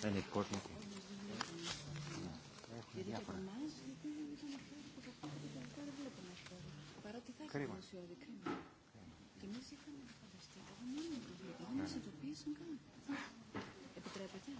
δεν importante. Παρότι θα έχει δημοσιόδη κρίμα. Εμεί είχαμε φανταστεί. Εγώ μόνο μου το βλέπω. Δεν μα ειδοποίησαν καν. Επιτρέπετε.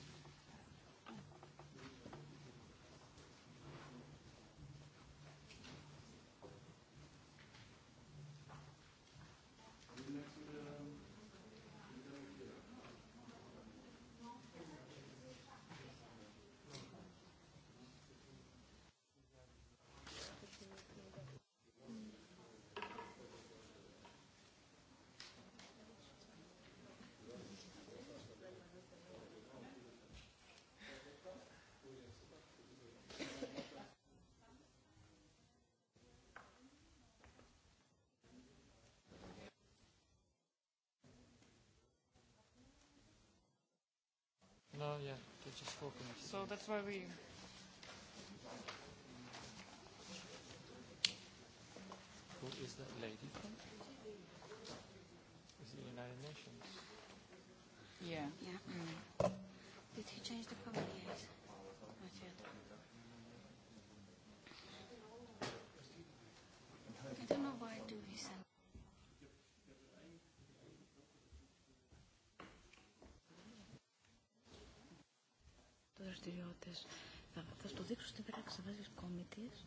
which is four committees. So that's why we... Who is that lady from? Is it the United Nations? Yeah. Yeah. Mm. Did he change the committee? Not yet. I don't know why do he send δραστηριότητες. Θα, θα στο δείξω στην πράξη, θα βάζεις κόμιτες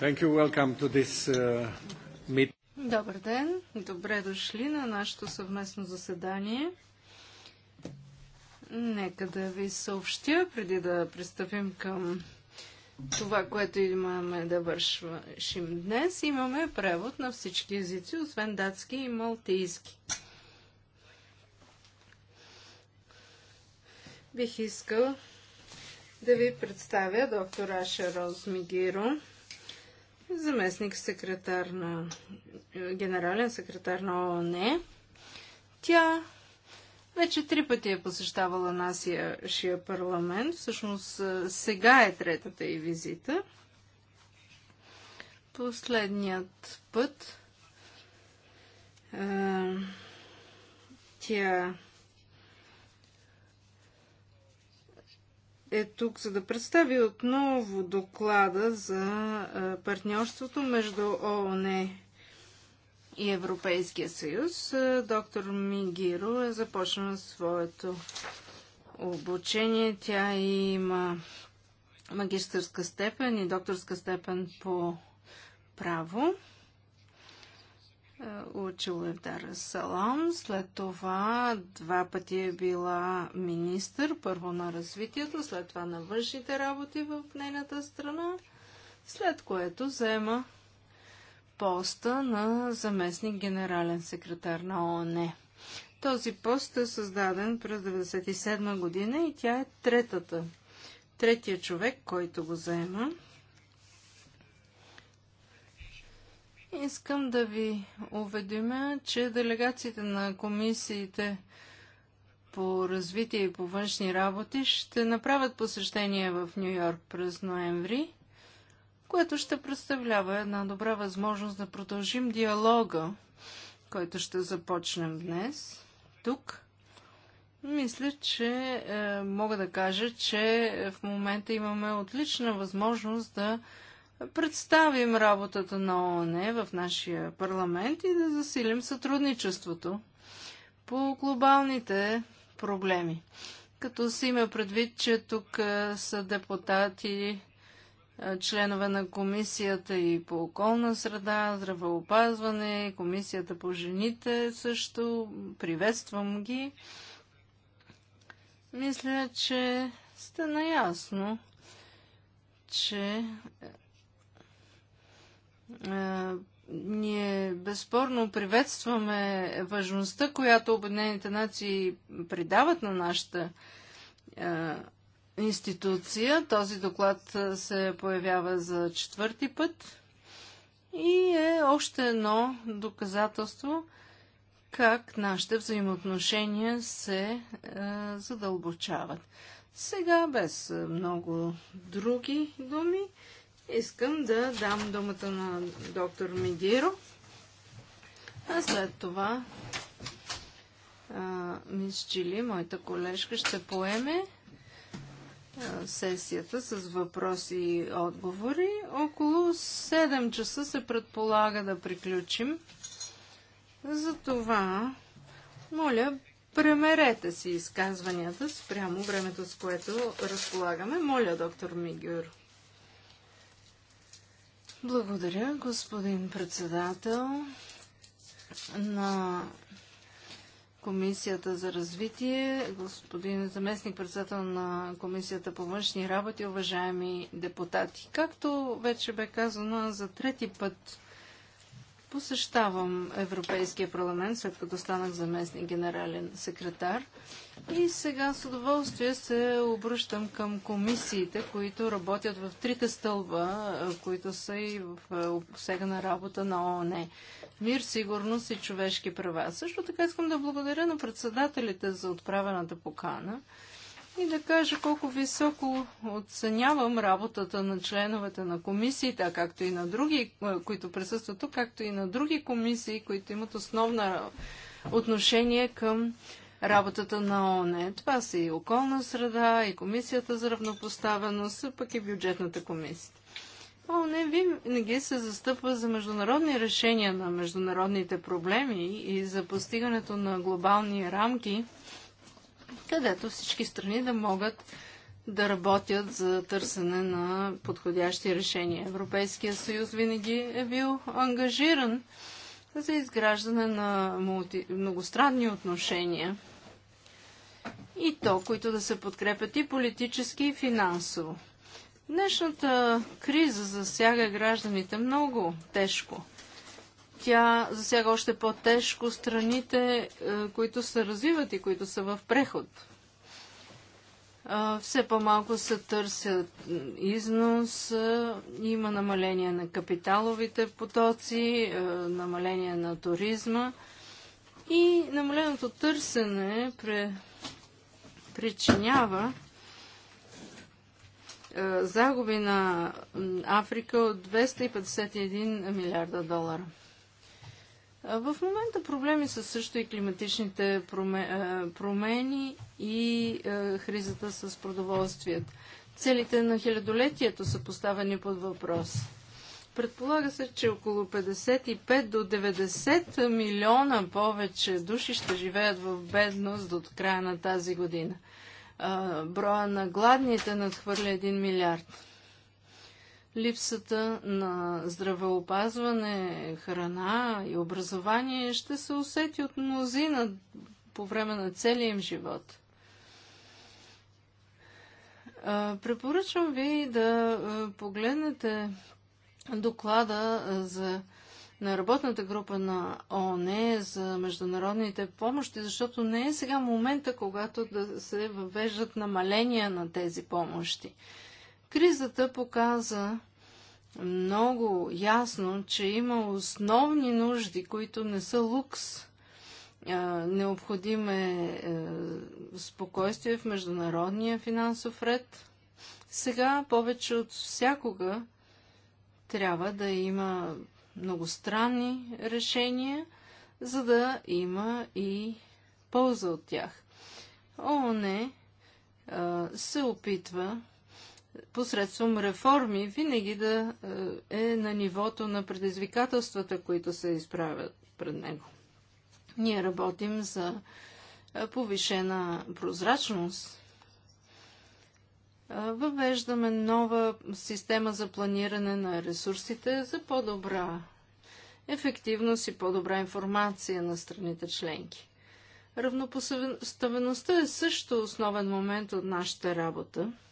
Uh, Добър ден! Добре дошли на нашето съвместно заседание. Нека да ви съобщя, преди да пристъпим към това, което имаме да вършим днес. Имаме превод на всички езици, освен датски и малтийски. Бих искал да ви представя доктор Аша Роз Мигиро заместник секретар на генерален секретар на ООН. Тя вече три пъти е посещавала нашия парламент. Всъщност сега е третата и визита. Последният път тя е тук, за да представи отново доклада за партньорството между ООН и Европейския съюз. Доктор Мигиро е започнала своето обучение. Тя има магистърска степен и докторска степен по право. Учила е в Дарасалам, след това два пъти е била министър, първо на развитието, след това на външните работи в нейната страна, след което взема поста на заместник генерален секретар на ООН. Този пост е създаден през 1997 година и тя е третата, третия човек, който го заема. Искам да ви уведомя, че делегациите на комисиите по развитие и по външни работи ще направят посещение в Нью Йорк през ноември, което ще представлява една добра възможност да продължим диалога, който ще започнем днес тук. Мисля, че е, мога да кажа, че в момента имаме отлична възможност да представим работата на ООН в нашия парламент и да засилим сътрудничеството по глобалните проблеми. Като си има предвид, че тук е, са депутати, е, членове на комисията и по околна среда, здравеопазване, комисията по жените също. Приветствам ги. Мисля, че сте наясно, че е, ние безспорно приветстваме важността, която Обединените нации придават на нашата е, институция. Този доклад е, се появява за четвърти път и е още едно доказателство как нашите взаимоотношения се задълбочават. Сега без много други думи. Искам да дам думата на доктор Мигиро, а след това мис Чили, моята колежка, ще поеме сесията с въпроси и отговори. Около 7 часа се предполага да приключим. Затова, моля, премерете си изказванията спрямо времето, с което разполагаме. Моля, доктор Мигюро. Благодаря, господин председател на Комисията за развитие, господин заместник председател на Комисията по външни работи, уважаеми депутати. Както вече бе казано, за трети път посещавам Европейския парламент, след като станах заместник генерален секретар. И сега с удоволствие се обръщам към комисиите, които работят в трите стълба, които са и в сега на работа на ООН. Мир, сигурност и човешки права. Също така искам да благодаря на председателите за отправената покана и да кажа колко високо оценявам работата на членовете на комисиите, както и на други, е, които присъстват тук, както и на други комисии, които имат основна отношение към работата на ООН. Това са и околна среда, и комисията за равнопоставеност, пък и бюджетната комисия. ООН винаги се застъпва за международни решения на международните проблеми и за постигането на глобални рамки – където всички страни да могат да работят за търсене на подходящи решения. Европейския съюз винаги е бил ангажиран за изграждане на мулти... многостранни отношения и то, които да се подкрепят и политически, и финансово. Днешната криза засяга гражданите много тежко. Тя засяга още по-тежко страните, е, които се развиват и които са в преход. Все по-малко се търсят износ, е, има намаление на капиталовите потоци, е, намаление на туризма и намаленото търсене причинява загуби на Африка от 251 милиарда долара. В момента проблеми са също и климатичните промени и кризата с продоволствието. Целите на хилядолетието са поставени под въпрос. Предполага се, че около 55 до 90 милиона повече души ще живеят в бедност до края на тази година. Броя на гладните надхвърля 1 милиард липсата на здравеопазване, храна и образование ще се усети от мнозина по време на целия им живот. Препоръчвам ви да погледнете доклада за, на работната група на ООН за международните помощи, защото не е сега момента, когато да се въвеждат намаления на тези помощи. Кризата показа много ясно, че има основни нужди, които не са лукс. Необходим е, е спокойствие в международния финансов ред. Сега повече от всякога трябва да има многостранни решения, за да има и полза от тях. ООН е, се опитва посредством реформи винаги да е, е на нивото на предизвикателствата, които се изправят пред него. Ние работим за е, повишена прозрачност. Е, въвеждаме нова система за планиране на ресурсите за по-добра ефективност и по-добра информация на страните членки. Равнопоставеността е също основен момент от нашата работа –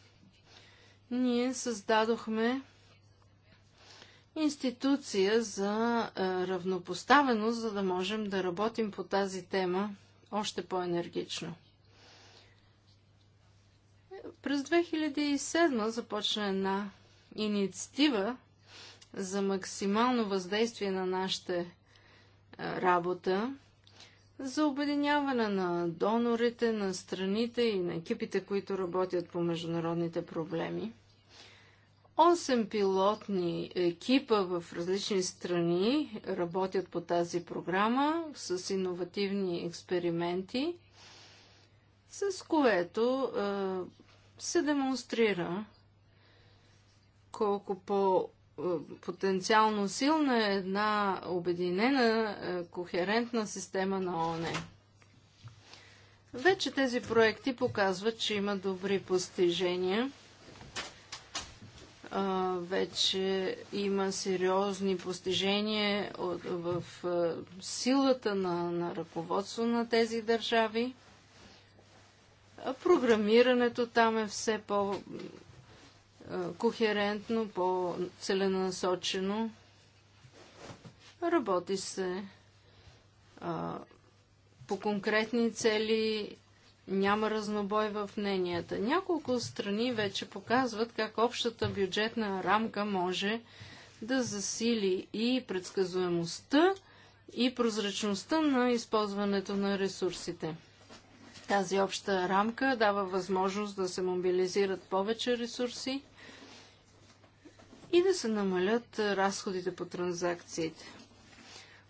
ние създадохме институция за е, равнопоставеност, за да можем да работим по тази тема още по-енергично. През 2007 започна една инициатива за максимално въздействие на нашата е, работа, за обединяване на донорите, на страните и на екипите, които работят по международните проблеми. 8 пилотни екипа в различни страни работят по тази програма с иновативни експерименти, с което е, се демонстрира колко по потенциално силна е една обединена, е, кохерентна система на ОНЕ. Вече тези проекти показват, че има добри постижения – вече има сериозни постижения от, в а, силата на, на ръководство на тези държави. А програмирането там е все по-кохерентно, по-целенасочено. Работи се а, по конкретни цели няма разнобой в мненията. Няколко страни вече показват как общата бюджетна рамка може да засили и предсказуемостта, и прозрачността на използването на ресурсите. Тази обща рамка дава възможност да се мобилизират повече ресурси и да се намалят разходите по транзакциите.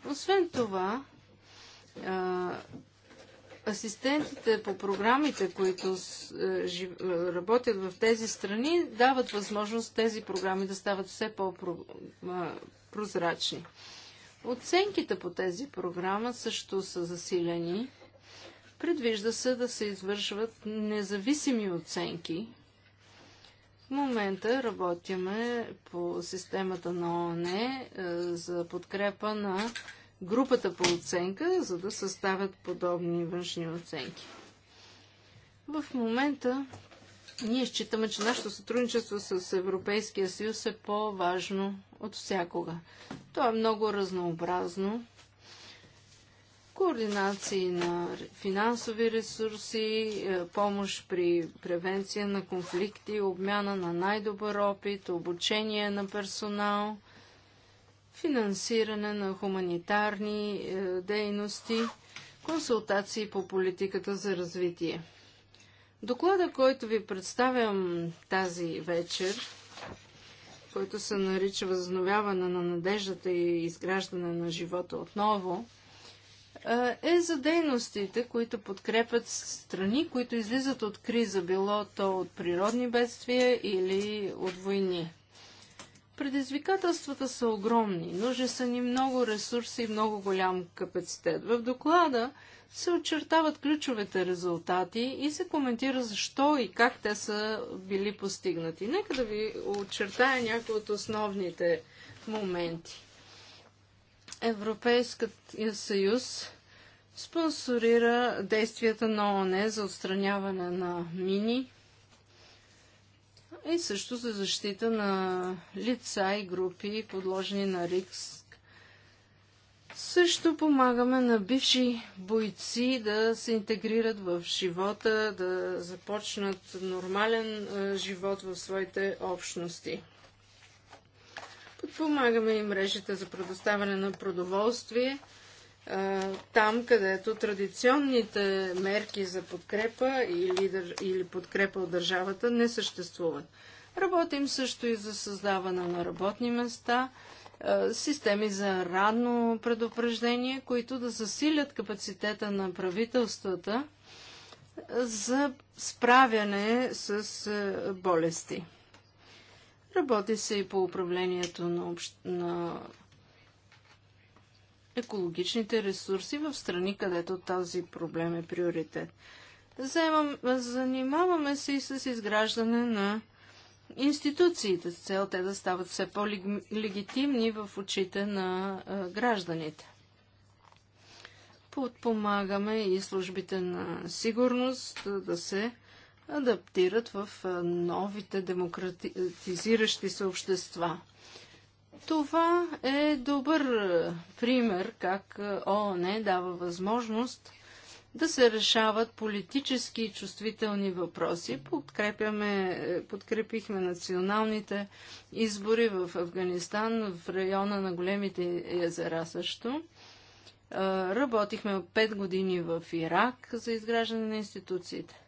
Освен това, асистентите по програмите, които е, е, работят в тези страни, дават възможност тези програми да стават все по-прозрачни. Е, Оценките по тези програма също са засилени. Предвижда се да се извършват независими оценки. В момента работиме по системата на ООН за подкрепа на групата по оценка, за да съставят подобни външни оценки. В момента ние считаме, че нашето сътрудничество с Европейския съюз е по-важно от всякога. То е много разнообразно. Координации на финансови ресурси, е, помощ при превенция на конфликти, обмяна на най-добър опит, обучение на персонал – финансиране на хуманитарни е, дейности, консултации по политиката за развитие. Доклада, който ви представям тази вечер, който се нарича Възновяване на надеждата и изграждане на живота отново, е, е за дейностите, които подкрепят страни, които излизат от криза, било то от природни бедствия или от войни. Предизвикателствата са огромни. Нужни са ни много ресурси и много голям капацитет. В доклада се очертават ключовете резултати и се коментира защо и как те са били постигнати. Нека да ви очертая някои от основните моменти. Европейският съюз спонсорира действията на ООН за отстраняване на мини, и също за защита на лица и групи, подложени на риск. Също помагаме на бивши бойци да се интегрират в живота, да започнат нормален живот в своите общности. Подпомагаме и мрежите за предоставяне на продоволствие – там, където традиционните мерки за подкрепа или, или подкрепа от държавата не съществуват. Работим също и за създаване на работни места, системи за ранно предупреждение, които да засилят капацитета на правителствата за справяне с болести. Работи се и по управлението на, общ... на екологичните ресурси в страни, където този проблем е приоритет. Заемам, занимаваме се и с изграждане на институциите с цел те да стават все по-легитимни в очите на а, гражданите. Подпомагаме и службите на сигурност да се адаптират в новите демократизиращи се общества. Това е добър пример как ООН дава възможност да се решават политически и чувствителни въпроси. Подкрепяме, подкрепихме националните избори в Афганистан, в района на големите езера също. Работихме 5 години в Ирак за изграждане на институциите.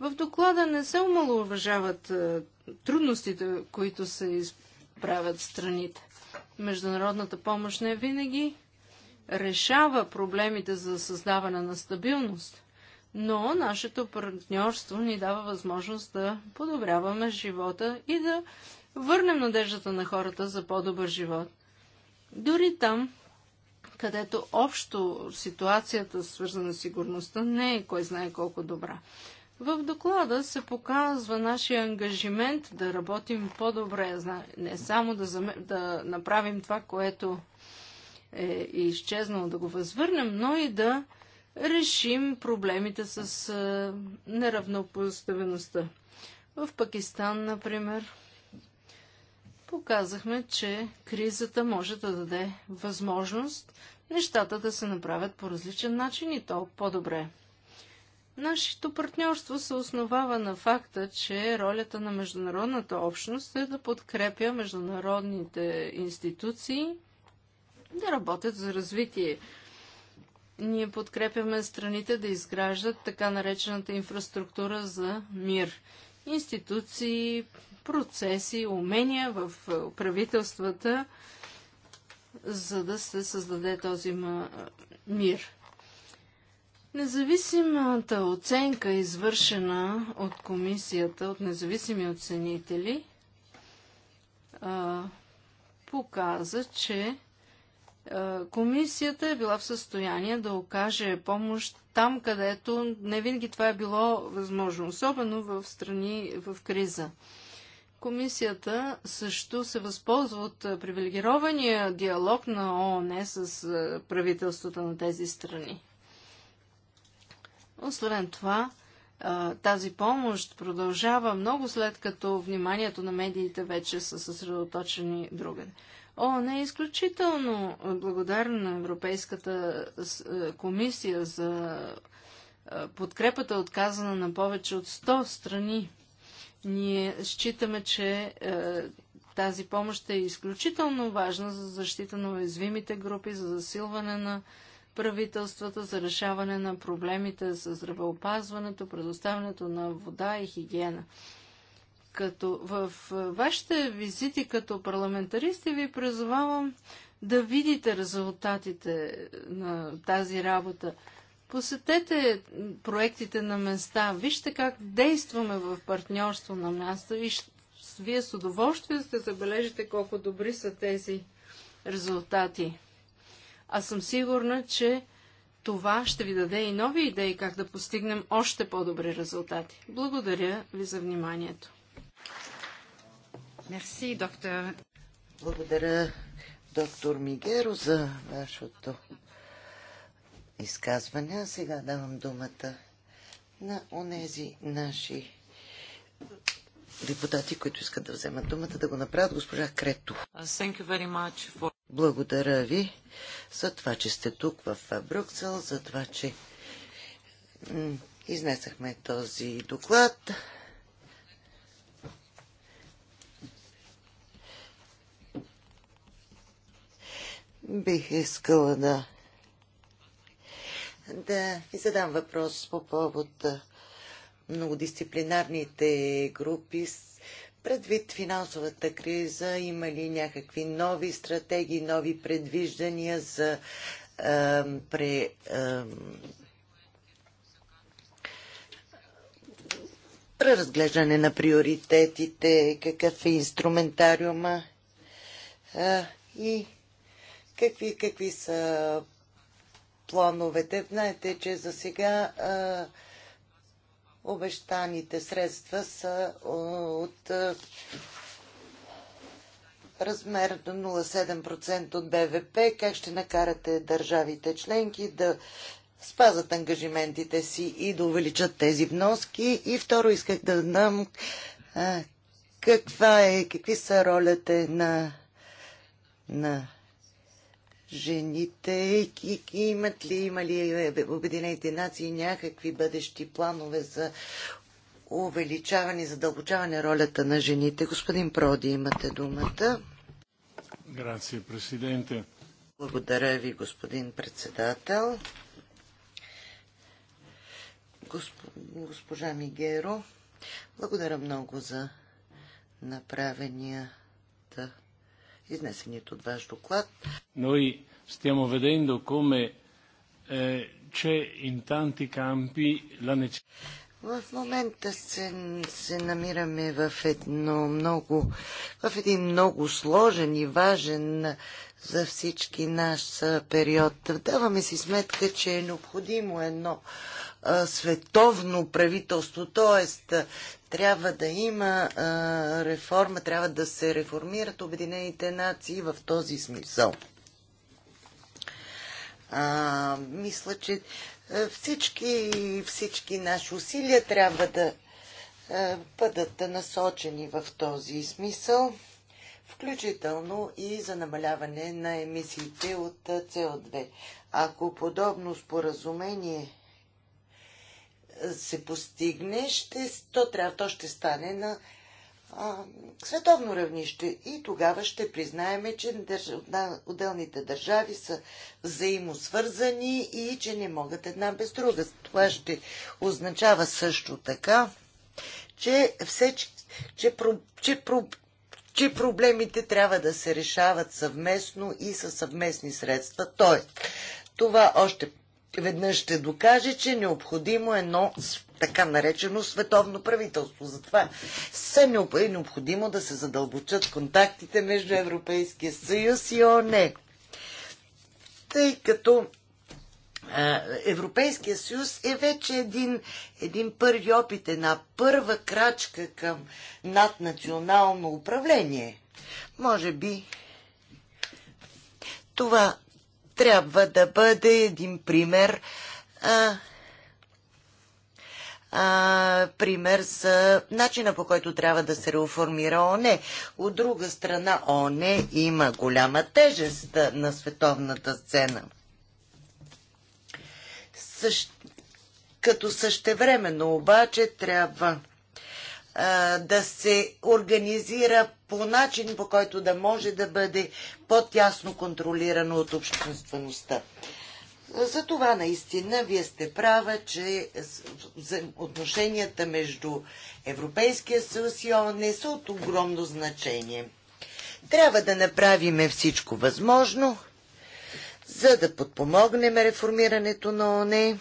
В доклада не се омалуважават трудностите, които се правят страните. Международната помощ не винаги решава проблемите за създаване на стабилност, но нашето партньорство ни дава възможност да подобряваме живота и да върнем надеждата на хората за по-добър живот. Дори там, където общо ситуацията, свързана с сигурността, не е кой знае колко добра. В доклада се показва нашия ангажимент да работим по-добре, не само да, зам... да направим това, което е изчезнало, да го възвърнем, но и да решим проблемите с неравнопоставеността. В Пакистан, например, показахме, че кризата може да даде възможност нещата да се направят по различен начин и то по-добре. Нашето партньорство се основава на факта, че ролята на международната общност е да подкрепя международните институции да работят за развитие. Ние подкрепяме страните да изграждат така наречената инфраструктура за мир. Институции, процеси, умения в правителствата, за да се създаде този мир. Независимата оценка, извършена от комисията, от независими оценители, показа, че комисията е била в състояние да окаже помощ там, където не винаги това е било възможно, особено в страни в криза. Комисията също се възползва от привилегирования диалог на ООН с правителствата на тези страни. Освен това, тази помощ продължава много след като вниманието на медиите вече са съсредоточени другаде. не е изключително благодарна на Европейската комисия за подкрепата отказана на повече от 100 страни. Ние считаме, че тази помощ е изключително важна за защита на уязвимите групи, за засилване на правителствата за решаване на проблемите с здравеопазването, предоставянето на вода и хигиена. Като в вашите визити като парламентаристи ви призовавам да видите резултатите на тази работа. Посетете проектите на места, вижте как действаме в партньорство на място и вие с удоволствие ще забележите колко добри са тези резултати. Аз съм сигурна, че това ще ви даде и нови идеи как да постигнем още по-добри резултати. Благодаря ви за вниманието. Мерси, доктор. Благодаря, доктор Мигеро, за вашето изказване. сега давам думата на онези наши депутати, които искат да вземат думата, да го направят госпожа Крето. Uh, for... Благодаря ви за това, че сте тук в Брюксел, за това, че изнесахме този доклад. Бих искала да да ви задам въпрос по повод многодисциплинарните групи Предвид финансовата криза, има ли някакви нови стратегии, нови предвиждания за е, пре, е, преразглеждане на приоритетите, какъв е инструментариума а, и какви, какви са плановете. Знаете, че за сега А, обещаните средства са от размер до 0,7% от БВП. Как ще накарате държавите членки да спазат ангажиментите си и да увеличат тези вноски? И второ, исках да знам каква е, какви са ролята на, на жените и, имат ли, има ли е, Обединените нации някакви бъдещи планове за увеличаване и задълбочаване ролята на жените? Господин Проди, имате думата. Грация, президенте. Благодаря ви, господин председател. Госпожа Мигеро, благодаря много за направения да изнесеният от ваш доклад. Но stiamo vedendo come c'è in tanti campi la В момента се, се намираме в, едно много, в един много сложен и важен за всички наш период. Даваме си сметка, че е необходимо едно а, световно правителство, т.е. Трябва да има а, реформа, трябва да се реформират Обединените нации в този смисъл. А, мисля, че всички, всички наши усилия трябва да а, бъдат насочени в този смисъл, включително и за намаляване на емисиите от со 2 Ако подобно споразумение се постигне, ще, то, трябва, то ще стане на а, световно равнище. И тогава ще признаеме, че държ... отделните държави са взаимосвързани и че не могат една без друга. Това ще означава също така, че, че, че, про... че, про... че проблемите трябва да се решават съвместно и със съвместни средства. Тоест, това още веднъж ще докаже, че е необходимо едно така наречено световно правителство. Затова се е необходимо да се задълбочат контактите между Европейския съюз и ОНЕ. Тъй като Европейския съюз е вече един, един първи опит, една първа крачка към наднационално управление. Може би това трябва да бъде един пример а, а, пример за начина по който трябва да се реформира ОНЕ. От друга страна, ОНЕ има голяма тежест на световната сцена. Същ... Като същевременно обаче трябва да се организира по начин, по който да може да бъде по-тясно контролирано от обществеността. За това наистина вие сте права, че отношенията между Европейския съюз и ООН е са от огромно значение. Трябва да направим всичко възможно, за да подпомогнем реформирането на ОНЕ.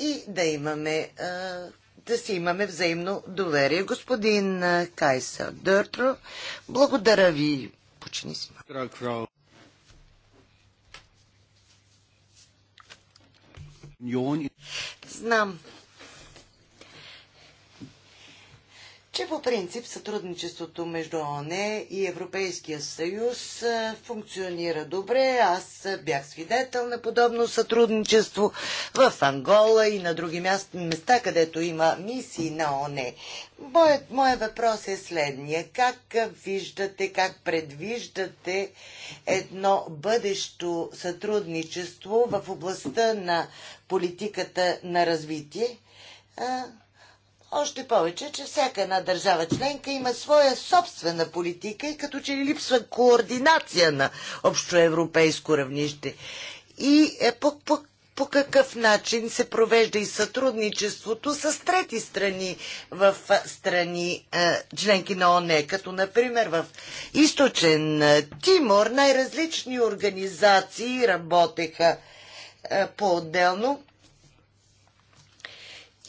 и да имаме да си имаме взаимно доверие. Господин Кайса Дъртро, благодаря ви. Почини си. Знам, че по принцип сътрудничеството между ОНЕ и Европейския съюз функционира добре. Аз бях свидетел на подобно сътрудничество в Ангола и на други места, където има мисии на ОНЕ. Моят, моят въпрос е следния. Как виждате, как предвиждате едно бъдещо сътрудничество в областта на политиката на развитие? Още повече, че всяка една държава членка има своя собствена политика и като че липсва координация на общоевропейско равнище. И е по, по, по какъв начин се провежда и сътрудничеството с трети страни в страни е, членки на ОНЕ, като например в източен Тимор най-различни организации работеха е, по-отделно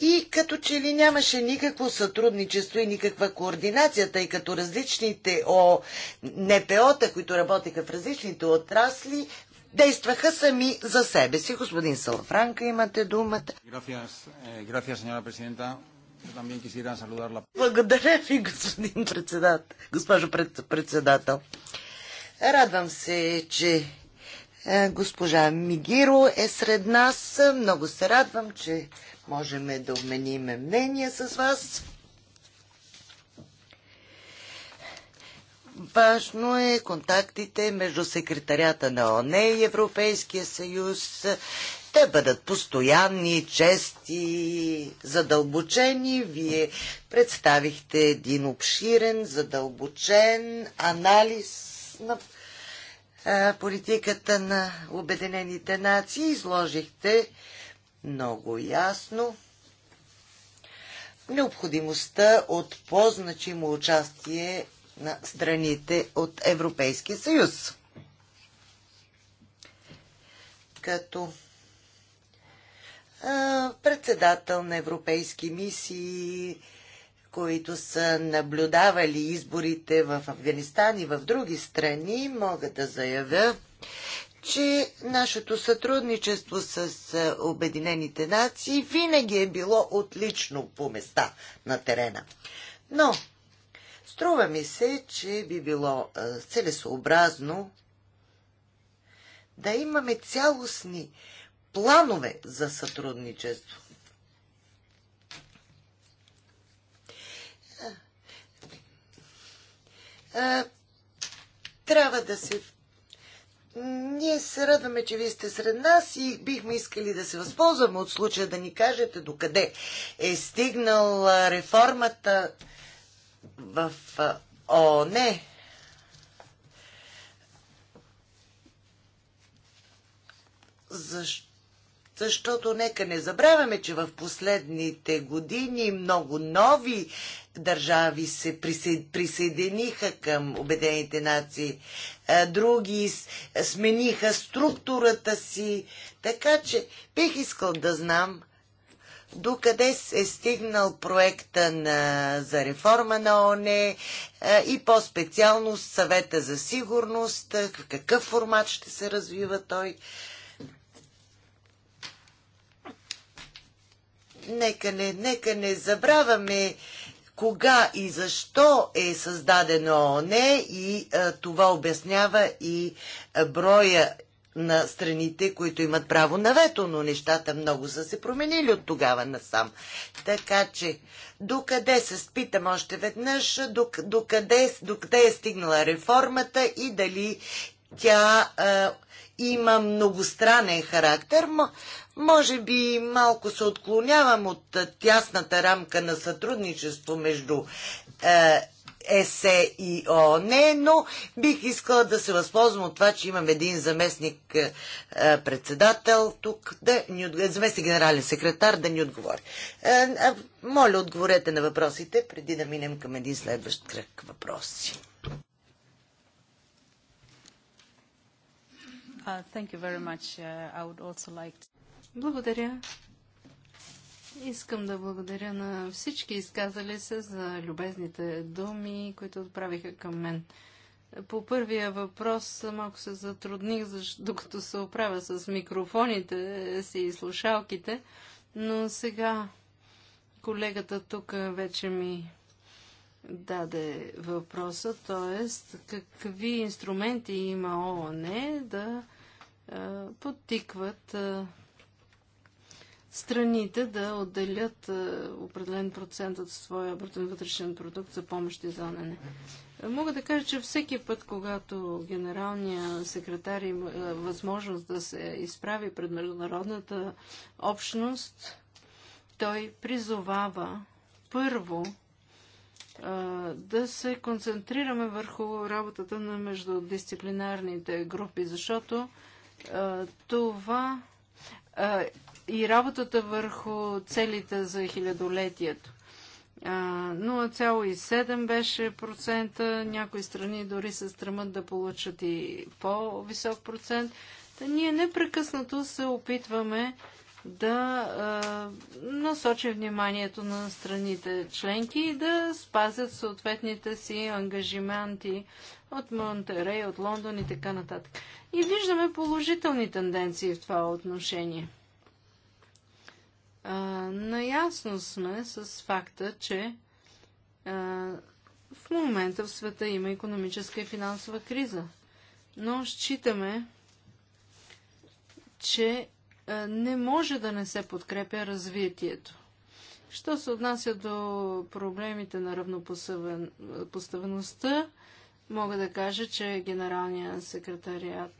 и като че ли нямаше никакво сътрудничество и никаква координация, тъй като различните О, НПО-та, които работеха в различните отрасли, действаха сами за себе си. Господин Салафранка, имате думата. Eh, Благодаря ви, господин председател. Госпожо председател. Радвам се, че е, госпожа Мигиро е сред нас. Много се радвам, че можем да обменим мнение с вас. Важно е контактите между секретарята на ОНЕ и Европейския съюз да бъдат постоянни, чести, задълбочени. Вие представихте един обширен, задълбочен анализ на политиката на Обединените нации. Изложихте много ясно необходимостта от по-значимо участие на страните от Европейския съюз. Като председател на европейски мисии, които са наблюдавали изборите в Афганистан и в други страни, мога да заявя, че нашето сътрудничество с Обединените нации винаги е било отлично по места на терена. Но, струва ми се, че би било целесообразно да имаме цялостни планове за сътрудничество. трябва да се ние се радваме, че вие сте сред нас и бихме искали да се възползваме от случая да ни кажете докъде е стигнала реформата в ООН. Защо? защото нека не забравяме, че в последните години много нови държави се присъединиха към Обедените нации, други смениха структурата си, така че бих искал да знам докъде е стигнал проекта на, за реформа на ОНЕ и по-специално съвета за сигурност, в какъв формат ще се развива той. нека не, нека не забравяме кога и защо е създадено ООН и а, това обяснява и а, броя на страните, които имат право на вето, но нещата много са се променили от тогава насам. Така че, докъде се спитам още веднъж, докъде, докъде е стигнала реформата и дали тя а, е, има многостранен характер. Може би малко се отклонявам от е, тясната рамка на сътрудничество между е, ЕСЕ и ООН, е, но бих искала да се възползвам от това, че имам един заместник председател тук, да ни, заместник генерален секретар да ни отговори. моля, отговорете на въпросите, преди да минем към един следващ кръг въпроси. Uh, uh, благодаря. Искам да благодаря на всички изказали се за любезните думи, които отправиха към мен. По първия въпрос малко се затрудних, защото, докато се оправя с микрофоните си и слушалките, но сега колегата тук вече ми даде въпроса, т.е. какви инструменти има ООН е да подтикват страните да отделят определен процент от своя брутен вътрешен продукт за помощ и зонене. Мога да кажа, че всеки път, когато генералния секретар има възможност да се изправи пред международната общност, той призовава първо да се концентрираме върху работата на междудисциплинарните групи, защото това и работата върху целите за хилядолетието. 0,7 беше процента, някои страни дори се стремат да получат и по-висок процент. Та ние непрекъснато се опитваме да а, насочи вниманието на страните членки и да спазят съответните си ангажименти от Монтерей, от Лондон и така нататък. И виждаме положителни тенденции в това отношение. А, наясно сме с факта, че а, в момента в света има економическа и финансова криза. Но считаме, че е, не може да не се подкрепя развитието. Що се отнася до проблемите на равнопоставеността, мога да кажа, че генералният секретариат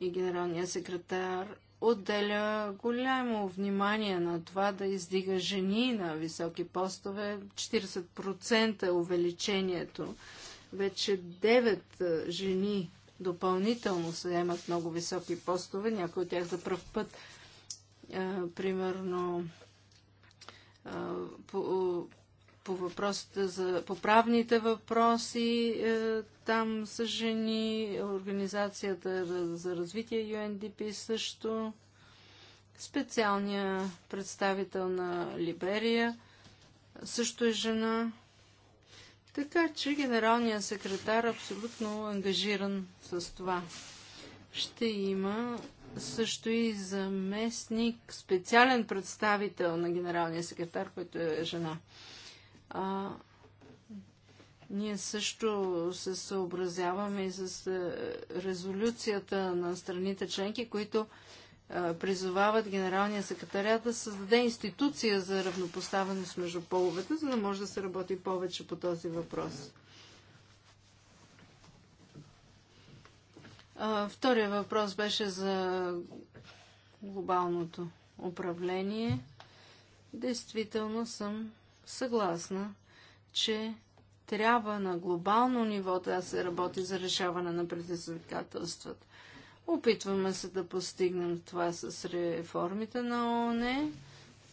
и генералният секретар отделя голямо внимание на това да издига жени на високи постове. 40% е увеличението. Вече 9 е, жени допълнително се заемат много високи постове, някои от тях за пръв път. А, примерно а, по, по въпросите за поправните въпроси а, е, там са жени, организацията за развитие UNDP също, специалния представител на Либерия също е жена. Така че генералният секретар е абсолютно ангажиран с това. Ще има също и заместник, специален представител на генералния секретар, който е жена. А, ние също се съобразяваме и с е, резолюцията на страните членки, които призовават генералния секретарят да създаде институция за равнопоставеност между половете, за да може да се работи повече по този въпрос. Втория въпрос беше за глобалното управление. Действително съм съгласна, че трябва на глобално ниво да се работи за решаване на предизвикателствата. Опитваме се да постигнем това с реформите на ООН.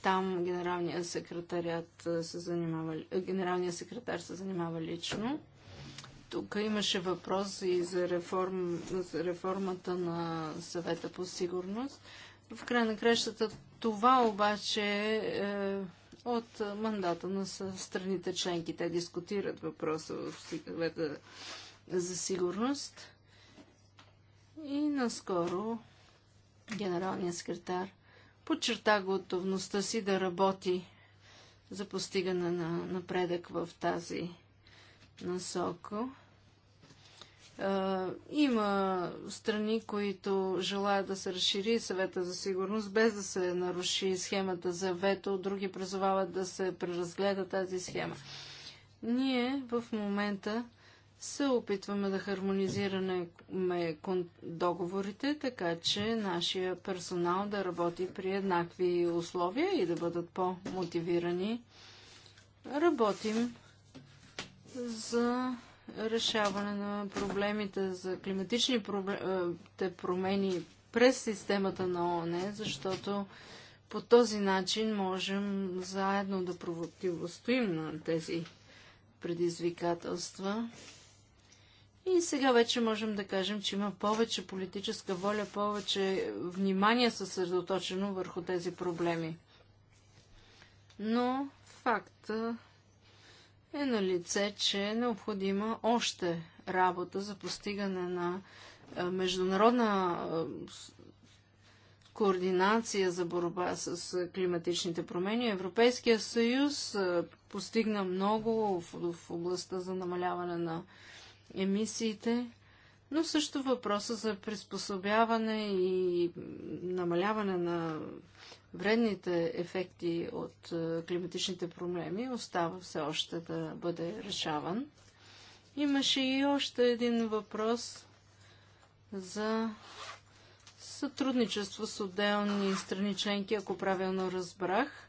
Там генералният секретарят се занимава, генералният секретар се занимава лично. Тук имаше въпрос и за, реформ, за реформата на съвета по сигурност. В край на кращата това обаче е, е от мандата на страните членки. Те дискутират въпроса в съвета за сигурност. И наскоро генералният секретар подчерта готовността си да работи за постигане на напредък в тази насока. Има страни, които желаят да се разшири съвета за сигурност, без да се наруши схемата за вето, други призовават да се преразгледа тази схема. Ние в момента се опитваме да хармонизираме договорите, така че нашия персонал да работи при еднакви условия и да бъдат по-мотивирани. Работим за решаване на проблемите за климатичните е, промени през системата на ООН, защото по този начин можем заедно да противостоим на тези предизвикателства. И сега вече можем да кажем, че има повече политическа воля, повече внимание съсредоточено върху тези проблеми. Но факт е на лице, че е необходима още работа за постигане на международна координация за борба с климатичните промени. Европейския съюз постигна много в областта за намаляване на емисиите, но също въпроса за приспособяване и намаляване на вредните ефекти от е, климатичните проблеми остава все още да бъде решаван. Имаше и още един въпрос за сътрудничество с отделни страни членки, ако правилно разбрах.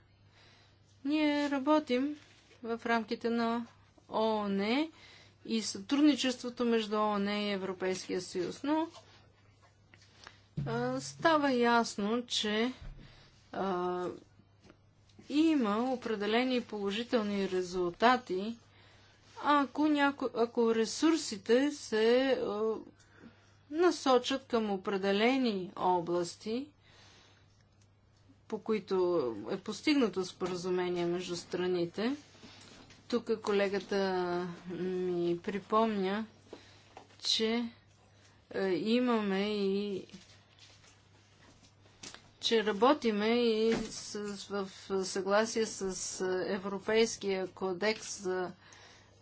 Ние работим в рамките на ООН и сътрудничеството между ООН и Европейския съюз. Но а, става ясно, че а, има определени положителни резултати, ако, няко, ако ресурсите се а, насочат към определени области, по които е постигнато споразумение между страните – тук колегата ми припомня, че е, имаме и че работиме и с, в съгласие с е, Европейския кодекс за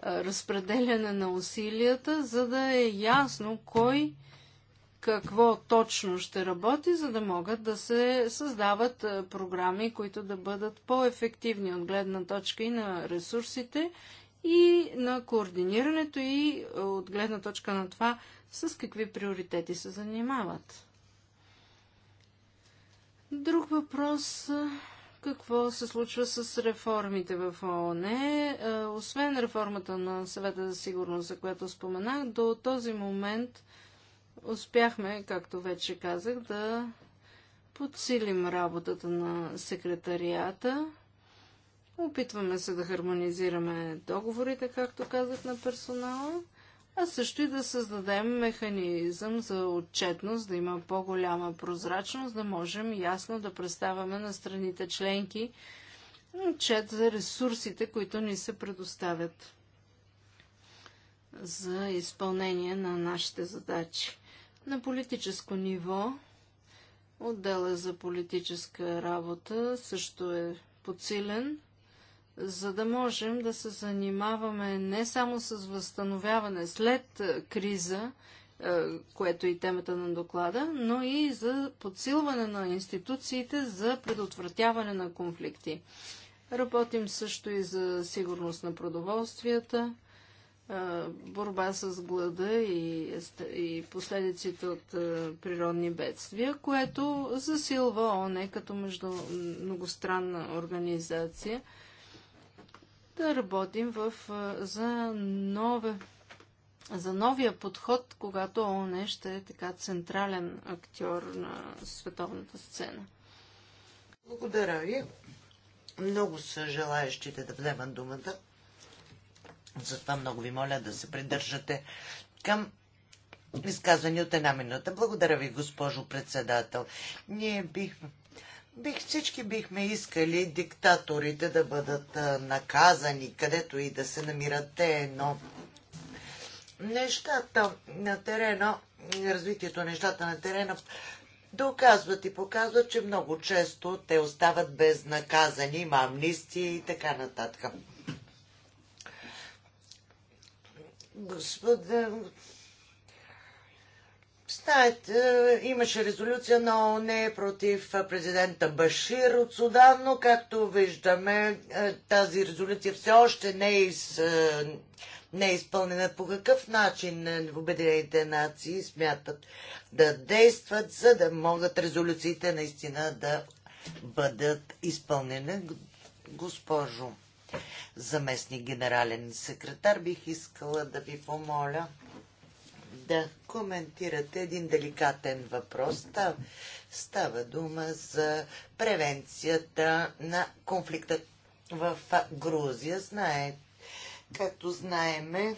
е, разпределяне на усилията, за да е ясно кой какво точно ще работи, за да могат да се създават е, програми, които да бъдат по-ефективни от гледна точка и на ресурсите, и на координирането, и е, от гледна точка на това с какви приоритети се занимават. Друг въпрос е, какво се случва с реформите в ООН. Освен реформата на съвета за сигурност, за която споменах, до този момент успяхме, както вече казах, да подсилим работата на секретарията. Опитваме се да хармонизираме договорите, както казах, на персонала, а също и да създадем механизъм за отчетност, да има по-голяма прозрачност, да можем ясно да представяме на страните членки отчет за ресурсите, които ни се предоставят за изпълнение на нашите задачи. На политическо ниво отдела за политическа работа също е подсилен, за да можем да се занимаваме не само с възстановяване след е, криза, е, което е и темата на доклада, но и за подсилване на институциите за предотвратяване на конфликти. Работим също и за сигурност на продоволствията, борба с глада и, и последиците от природни бедствия, което засилва ОНЕ като между многостранна организация да работим в, за, нове, за новия подход, когато ОНЕ ще е така централен актьор на световната сцена. Благодаря ви. Много са желаящите да вземат думата. Затова много ви моля да се придържате към изказвани от една минута. Благодаря ви, госпожо председател. Ние бихме Бих, всички бихме искали диктаторите да бъдат наказани, където и да се намират те, но нещата на терена, развитието на нещата на терена доказват и показват, че много често те остават безнаказани, има амнистии и така нататък. Господа, Знаете, имаше резолюция на ООН против президента Башир от Судан, но както виждаме, е, тази резолюция все още не е, из, е, не е изпълнена. По какъв начин Обединените нации смятат да действат, за да могат резолюциите наистина да бъдат изпълнени, госпожо заместник генерален секретар, бих искала да ви помоля да коментирате един деликатен въпрос. Става дума за превенцията на конфликта в Грузия. Знае, както знаеме,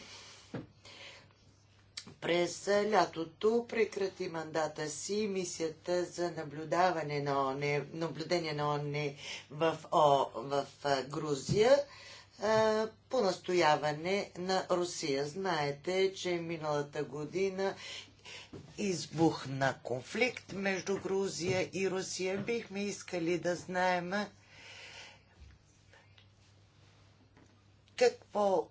през лятото прекрати мандата си мисията за наблюдаване на ОНЕ, наблюдение на ОНЕ в, О, в Грузия по настояване на Русия. Знаете, че миналата година избухна конфликт между Грузия и Русия. Бихме искали да знаем какво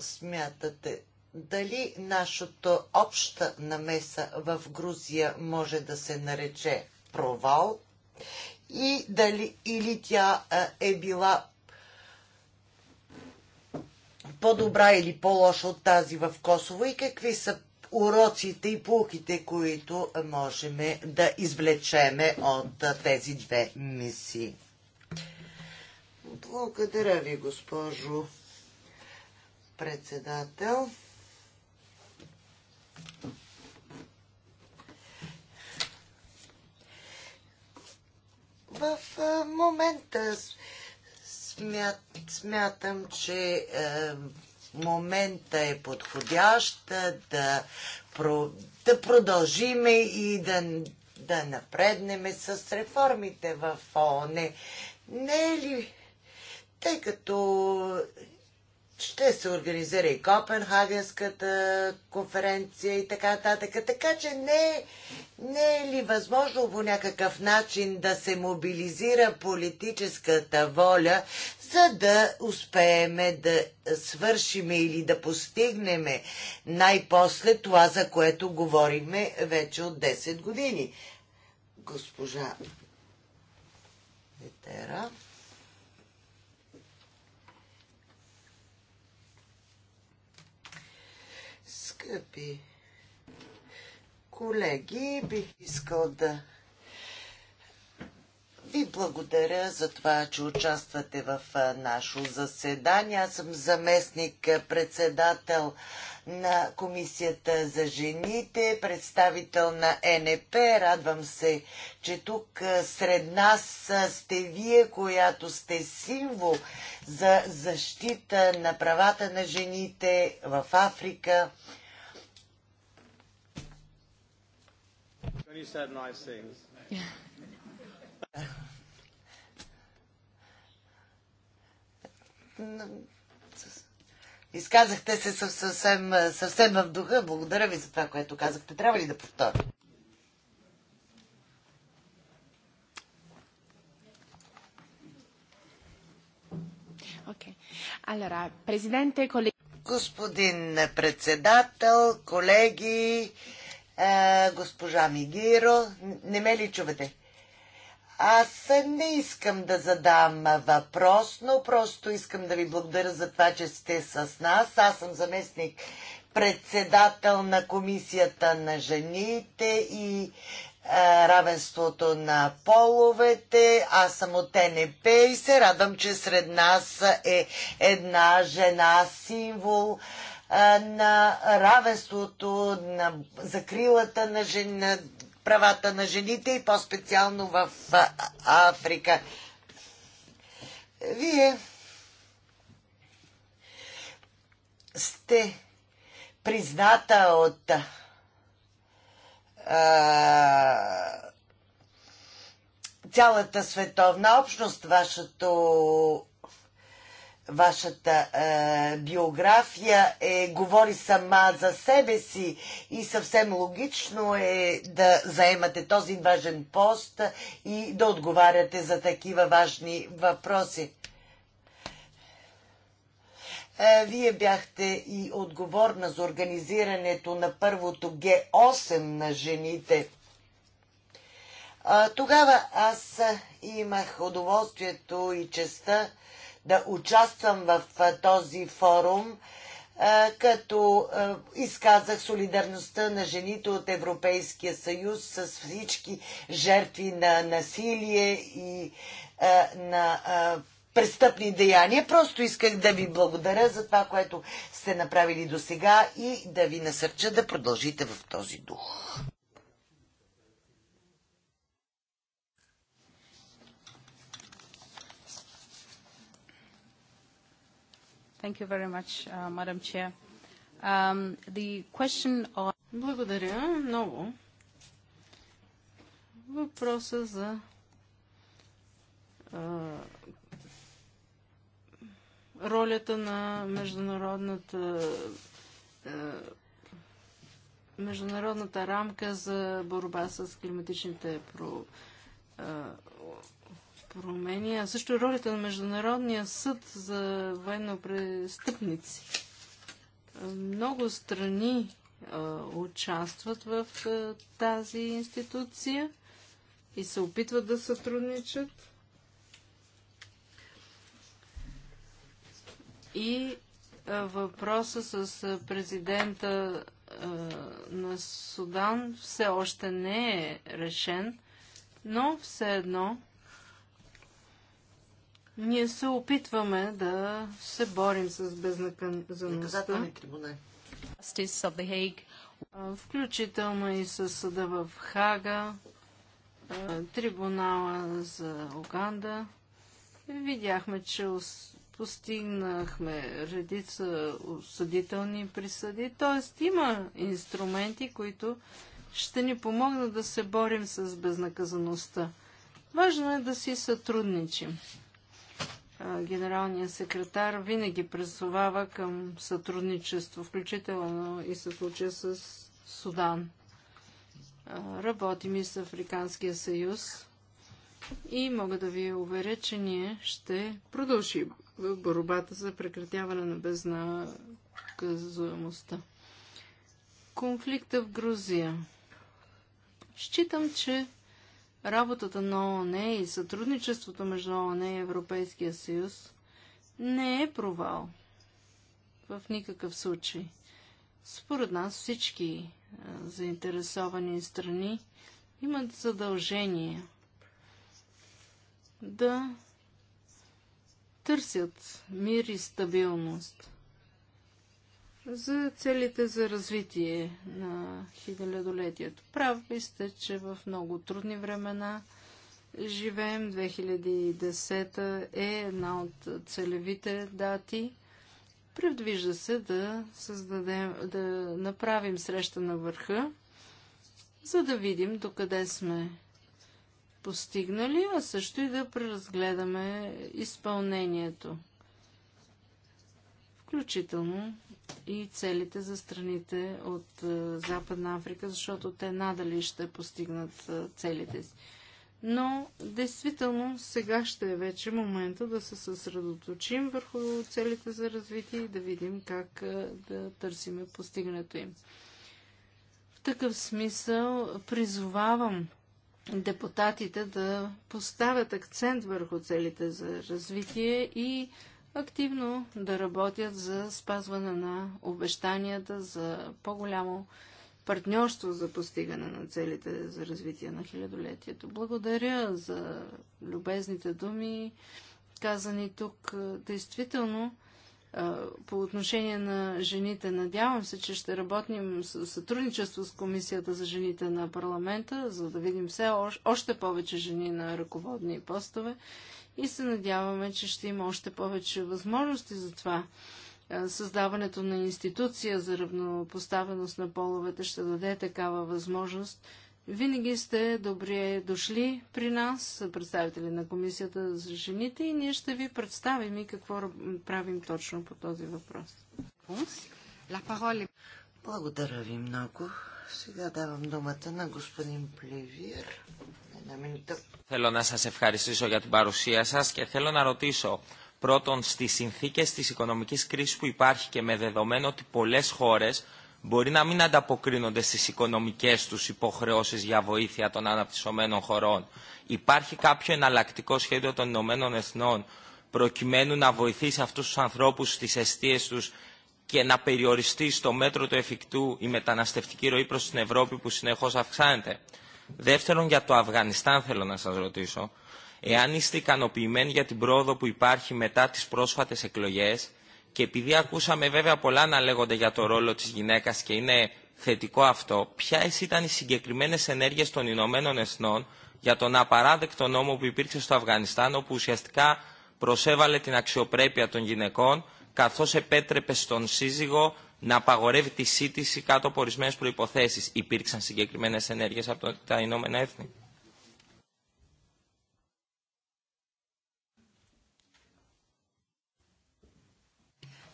смятате дали нашата обща намеса в Грузия може да се нарече провал и дали или тя е била по-добра или по-лоша от тази в Косово и какви са уроците и полките, които можем да извлечеме от тези две мисии. Благодаря ви, госпожо председател. В момента смят, смятам, че момента е подходящ да, да продължиме и да, да напреднеме с реформите в ООН. Не е ли? Тъй като ще се организира и Копенхагенската конференция и така нататък. Така че не, не е ли възможно по някакъв начин да се мобилизира политическата воля, за да успееме да свършиме или да постигнем най-после това, за което говориме вече от 10 години? Госпожа Етера. Скъпи колеги, бих искал да ви благодаря за това, че участвате в нашо заседание. Аз съм заместник председател на Комисията за жените, представител на НП. Радвам се, че тук сред нас сте вие, която сте символ за защита на правата на жените в Африка said nice things. Изказахте се съвсем, съвсем в духа. Благодаря ви за това, което казахте. Трябва ли да повторя? Okay. Allora, Господин председател, колеги, а, е, госпожа Мигиро. Не ме ли чувате? Аз не искам да задам въпрос, но просто искам да ви благодаря за това, че сте с нас. Аз съм заместник председател на комисията на жените и а, е, равенството на половете. Аз съм от ТНП и се радвам, че сред нас е една жена символ на равенството, на закрилата на, жен, на правата на жените и по-специално в Африка. Вие сте призната от а, цялата световна общност, вашето вашата е, биография е, говори сама за себе си и съвсем логично е да заемате този важен пост и да отговаряте за такива важни въпроси. Е, вие бяхте и отговорна за организирането на първото Г8 на жените. тогава аз имах удоволствието и честа да участвам в този форум, като изказах солидарността на жените от Европейския съюз с всички жертви на насилие и на престъпни деяния. Просто исках да ви благодаря за това, което сте направили до сега и да ви насърча да продължите в този дух. Thank you very much, uh, Madam Chair. Um, the question on... Благодаря много. Въпросът за а, ролята на международната а, международната рамка за борба с климатичните про, а, Румения, а също ролята на Международния съд за военно-престъпници. Много страни а, участват в а, тази институция и се опитват да сътрудничат. И а, въпроса с президента на Судан все още не е решен, но все едно ние се опитваме да се борим с безнаказаността. Включително и с съда в Хага, трибунала за Оганда. Видяхме, че постигнахме редица осъдителни присъди, т.е. има инструменти, които ще ни помогнат да се борим с безнаказаността. Важно е да си сътрудничим. Генералния секретар винаги пресувава към сътрудничество, включително и със случая с Судан. Работим и с Африканския съюз и мога да ви уверя, че ние ще продължим в борбата за прекратяване на безнаказуемостта. Конфликта в Грузия. Считам, че работата на ООН и сътрудничеството между ООН и Европейския съюз не е провал. В никакъв случай. Според нас всички е, заинтересовани страни имат задължение да търсят мир и стабилност за целите за развитие на хилядолетието. Прав би сте, че в много трудни времена живеем. 2010 е една от целевите дати. Предвижда се да създадем, да направим среща на върха, за да видим докъде сме постигнали, а също и да преразгледаме изпълнението включително и целите за страните от е, Западна Африка, защото те надали ще постигнат е, целите си. Но, действително, сега ще е вече момента да се съсредоточим върху целите за развитие и да видим как е, да търсиме постигането им. В такъв смисъл призовавам депутатите да поставят акцент върху целите за развитие и активно да работят за спазване на обещанията за по-голямо партньорство за постигане на целите за развитие на хилядолетието. Благодаря за любезните думи, казани тук. Действително, по отношение на жените, надявам се, че ще работим с сътрудничество с Комисията за жените на парламента, за да видим все още повече жени на ръководни постове и се надяваме, че ще има още повече възможности за това. Е, създаването на институция за равнопоставеност на половете ще даде такава възможност. Винаги сте добре дошли при нас, представители на Комисията за жените, и ние ще ви представим и какво правим точно по този въпрос. Благодаря ви много. Сега давам думата на господин Плевир. Θέλω να σας ευχαριστήσω για την παρουσία σας και θέλω να ρωτήσω πρώτον στις συνθήκες της οικονομικής κρίσης που υπάρχει και με δεδομένο ότι πολλές χώρες μπορεί να μην ανταποκρίνονται στις οικονομικές τους υποχρεώσεις για βοήθεια των αναπτυσσομένων χωρών. Υπάρχει κάποιο εναλλακτικό σχέδιο των Ηνωμένων Εθνών προκειμένου να βοηθήσει αυτούς τους ανθρώπους στις αιστείες τους και να περιοριστεί στο μέτρο του εφικτού η μεταναστευτική ροή προς την Ευρώπη που συνεχώς αυξάνεται. Δεύτερον, για το Αφγανιστάν θέλω να σας ρωτήσω. Εάν είστε ικανοποιημένοι για την πρόοδο που υπάρχει μετά τις πρόσφατες εκλογές και επειδή ακούσαμε βέβαια πολλά να λέγονται για το ρόλο της γυναίκας και είναι θετικό αυτό, ποια ήταν οι συγκεκριμένες ενέργειες των Ηνωμένων Εθνών για τον απαράδεκτο νόμο που υπήρξε στο Αφγανιστάν όπου ουσιαστικά προσέβαλε την αξιοπρέπεια των γυναικών καθώς επέτρεπε στον σύζυγο να απαγορεύει τη σύντηση κάτω από ορισμένε προποθέσει. Υπήρξαν συγκεκριμένε ενέργειε από τα Ηνωμένα Έθνη.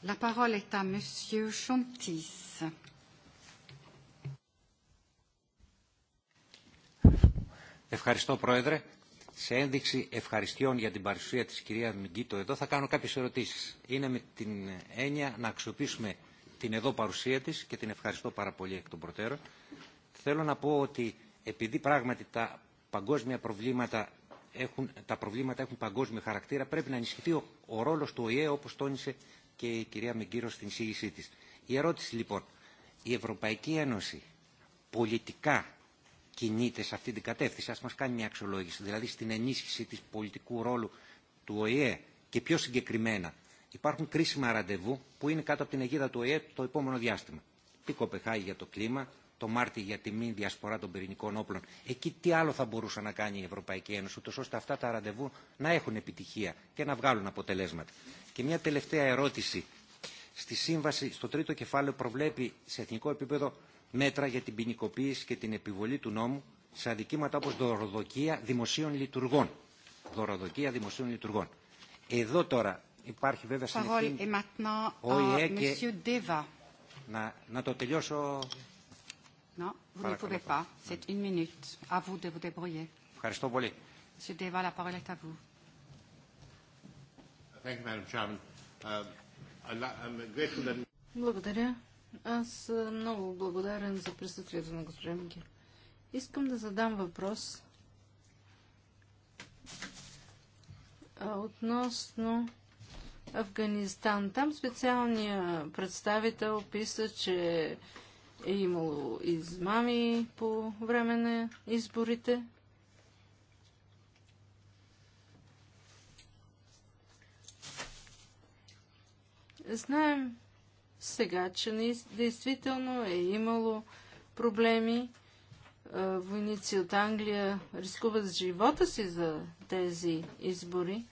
La parole est à Monsieur Chantis. Ευχαριστώ, Πρόεδρε. Σε ένδειξη ευχαριστειών για την παρουσία της κυρία Μιγκίτο εδώ θα κάνω κάποιες ερωτήσεις. Είναι με την έννοια να αξιοποιήσουμε την εδώ παρουσία της και την ευχαριστώ πάρα πολύ εκ των προτέρων. Θέλω να πω ότι επειδή πράγματι τα παγκόσμια προβλήματα έχουν, τα προβλήματα έχουν παγκόσμιο χαρακτήρα, πρέπει να ενισχυθεί ο, ο ρόλος του ΟΗΕ όπως τόνισε και η κυρία Μεγκύρο στην εισήγησή της. Η ερώτηση λοιπόν, η Ευρωπαϊκή Ένωση πολιτικά κινείται σε αυτή την κατεύθυνση, ας μας κάνει μια αξιολόγηση, δηλαδή στην ενίσχυση της πολιτικού ρόλου του ΟΗΕ και πιο συγκεκριμένα Υπάρχουν κρίσιμα ραντεβού που είναι κάτω από την αιγίδα του ΟΗΕ το επόμενο διάστημα. Τι Κοπεχάγη για το κλίμα, το Μάρτι για τη μη διασπορά των πυρηνικών όπλων. Εκεί τι άλλο θα μπορούσε να κάνει η Ευρωπαϊκή Ένωση, ούτω ώστε αυτά τα ραντεβού να έχουν επιτυχία και να βγάλουν αποτελέσματα. Και μια τελευταία ερώτηση. Στη σύμβαση, στο τρίτο κεφάλαιο προβλέπει σε εθνικό επίπεδο μέτρα για την ποινικοποίηση και την επιβολή του νόμου σε αδικήματα όπως δωροδοκία δημοσίων λειτουργών. Δωροδοκία δημοσίων λειτουργών. Εδώ τώρα Υπάρχει βέβαια συνεχή... ΟΗΕ και... Να, να το τελειώσω... Non, vous ne pouvez pas. C'est une minute. À vous de vous débrouiller. Ευχαριστώ πολύ. Monsieur Deva, la parole est à vous. Благодаря. Аз много благодарен за присъствието на госпожа Миги. Искам да задам въпрос относно Афганистан. Там специалният представител писа, че е имало измами по време на изборите. Знаем сега, че действително е имало проблеми. Войници от Англия рискуват живота си за тези избори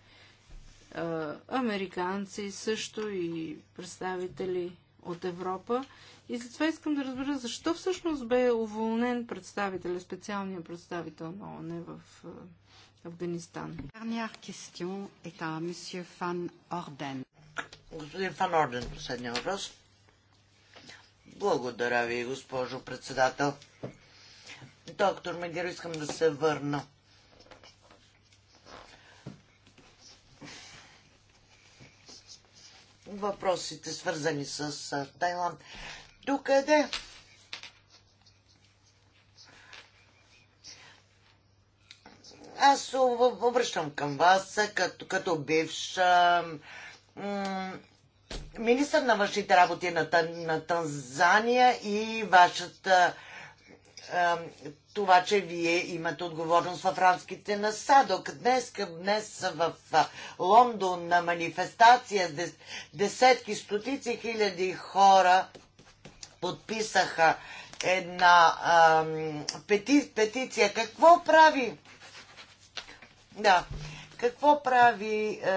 американци също и представители от Европа. И затова искам да разбера защо всъщност бе уволнен представител, специалния представител на ООН в Афганистан. е Фан Орден. Господин Фан Орден, последния въпрос. Благодаря ви, госпожо председател. Доктор Мегеро, искам да се върна въпросите, свързани с Тайланд. Докъде? Аз обръщам към вас като, като бивш министър на външните работи на, на Танзания и вашата това, че вие имате отговорност в рамките на САДОК. Днес, днес в Лондон на манифестация с десетки, стотици хиляди хора подписаха една ам, пети, петиция. Какво прави? Да. Какво прави е,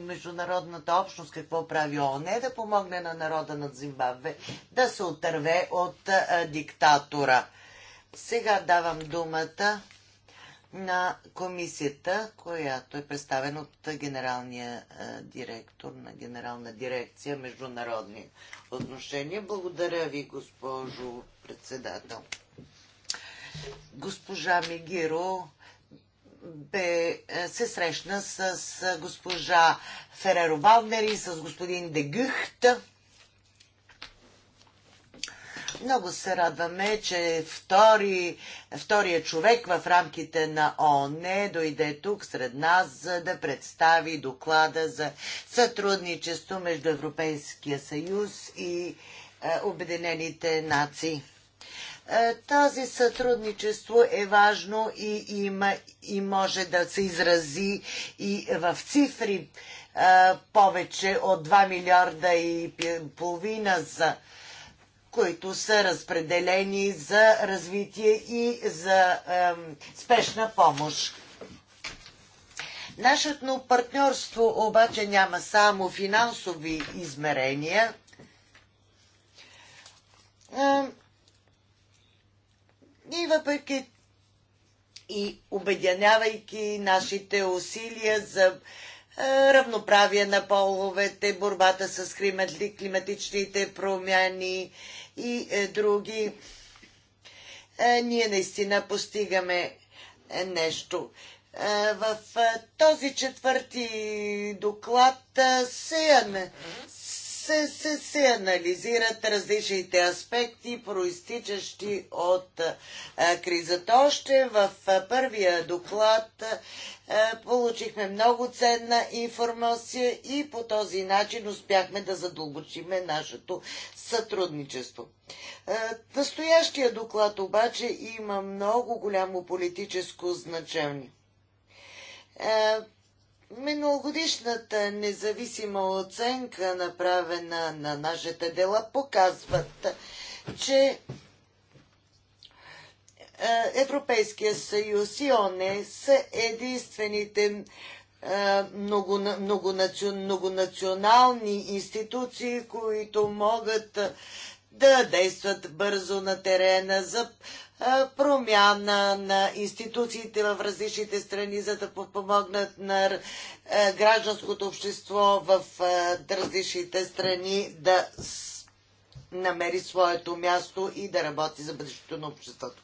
международната общност, какво прави Оне да помогне на народа на Зимбабве да се отърве от е, диктатора. Сега давам думата на комисията, която е представена от генералния е, директор на Генерална дирекция Международни отношения. Благодаря ви, госпожо председател. Госпожа Мегиро бе, е, се срещна с госпожа Фереро Валнер и с господин Дегъхта много се радваме, че втори, втория човек в рамките на ООН дойде тук сред нас, за да представи доклада за сътрудничество между Европейския съюз и е, Обединените нации. Е, Тази сътрудничество е важно и, има, и може да се изрази и в цифри е, повече от 2 милиарда и половина за които са разпределени за развитие и за е, спешна помощ. Нашето партньорство обаче няма само финансови измерения. и въпреки и обединявайки нашите усилия за е, равноправие на половете, борбата с климатичните промяни и е, други. Е, ние наистина постигаме е, нещо. В този четвърти доклад се, се, се, се анализират различните аспекти, проистичащи от а, кризата. Още в а, първия доклад а, получихме много ценна информация и по този начин успяхме да задълбочиме нашето сътрудничество. Настоящия доклад обаче има много голямо политическо значение Миналогодишната независима оценка, направена на нашите дела, показват, че е, Европейския съюз и ОНЕ са единствените е, многонационални институции, които могат да действат бързо на терена за промяна на институциите в различните страни, за да помогнат на гражданското общество в различните страни да намери своето място и да работи за бъдещето на обществото.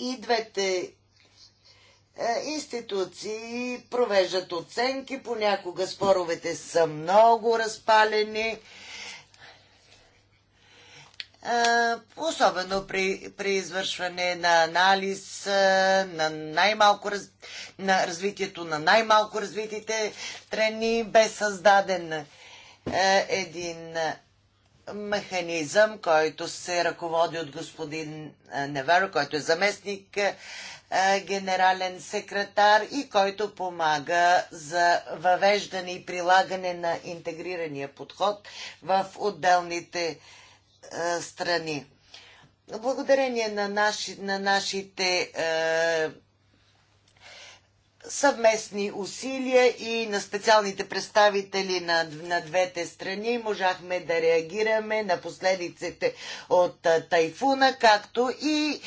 И двете институции провеждат оценки, понякога споровете са много разпалени особено при, при извършване на анализ на, най-малко раз, на развитието на най-малко развитите страни, бе създаден един механизъм, който се ръководи от господин Неверо, който е заместник генерален секретар и който помага за въвеждане и прилагане на интегрирания подход в отделните е, страни. Благодарение на, наши, на нашите е, съвместни усилия и на специалните представители на, на двете страни можахме да реагираме на последиците от е, тайфуна, както и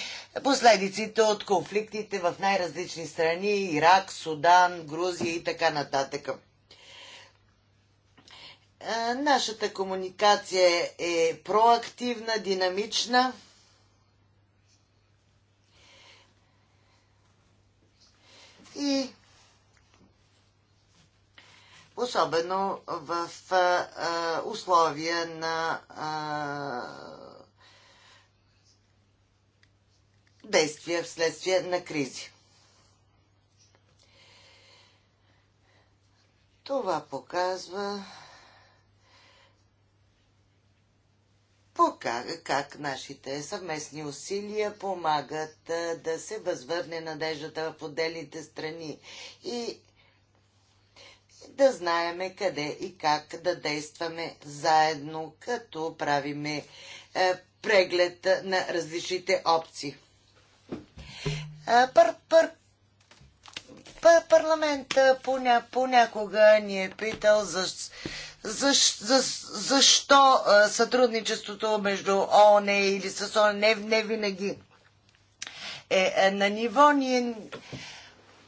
последиците от конфликтите в най-различни страни Ирак, Судан, Грузия и така нататък. Нашата комуникация е проактивна, динамична. И особено в а, условия на а, действия вследствие на кризи. Това показва как, как нашите съвместни усилия помагат да се възвърне надеждата в отделните страни и да знаеме къде и как да действаме заедно, като правиме е, преглед на различните опции. Е, пър, пър, парламента поня, понякога ни е питал за Защ, за, защо а, сътрудничеството между ООН или с ООН не, не винаги е, е на ниво. Ние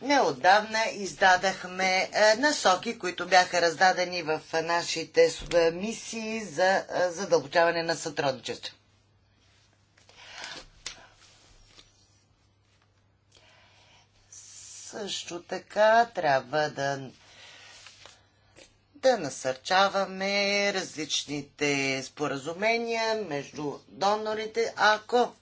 неодавна издадахме насоки, които бяха раздадени в нашите мисии за задълбочаване на сътрудничество. Също така трябва да да насърчаваме различните споразумения между донорите, ако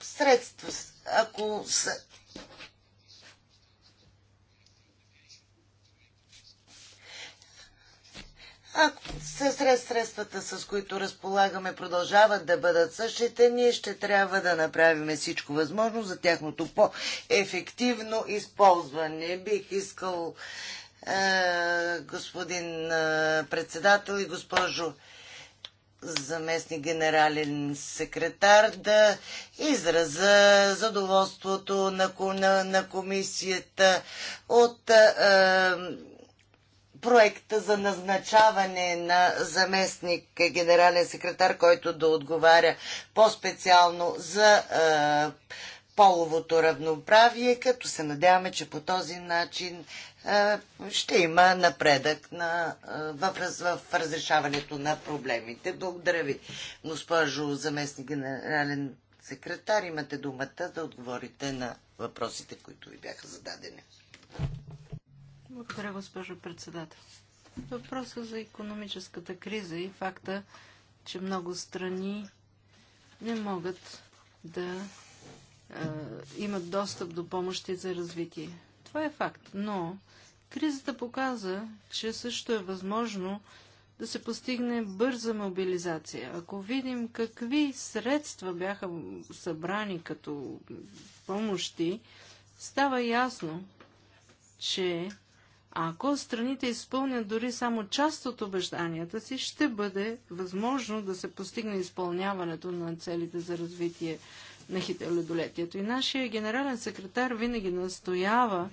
средства, ако са Ако средствата, с които разполагаме, продължават да бъдат същите, ние ще трябва да направим всичко възможно за тяхното по-ефективно използване. Бих искал, е, господин е, председател и госпожо заместни генерален секретар, да израза задоволството на, на, на комисията от. Е, проекта за назначаване на заместник генерален секретар, който да отговаря по-специално за е, половото равноправие, като се надяваме, че по този начин е, ще има напредък на, е, в, в разрешаването на проблемите. Благодаря ви, госпожо заместник генерален секретар. Имате думата да отговорите на въпросите, които ви бяха зададени. Благодаря, госпожо председател. Въпроса за економическата криза и факта, че много страни не могат да е, имат достъп до помощи за развитие. Това е факт, но кризата показа, че също е възможно да се постигне бърза мобилизация. Ако видим какви средства бяха събрани като помощи, става ясно, че ако страните изпълнят дори само част от обежданията си, ще бъде възможно да се постигне изпълняването на целите за развитие на хителедолетието. И нашия генерален секретар винаги настоява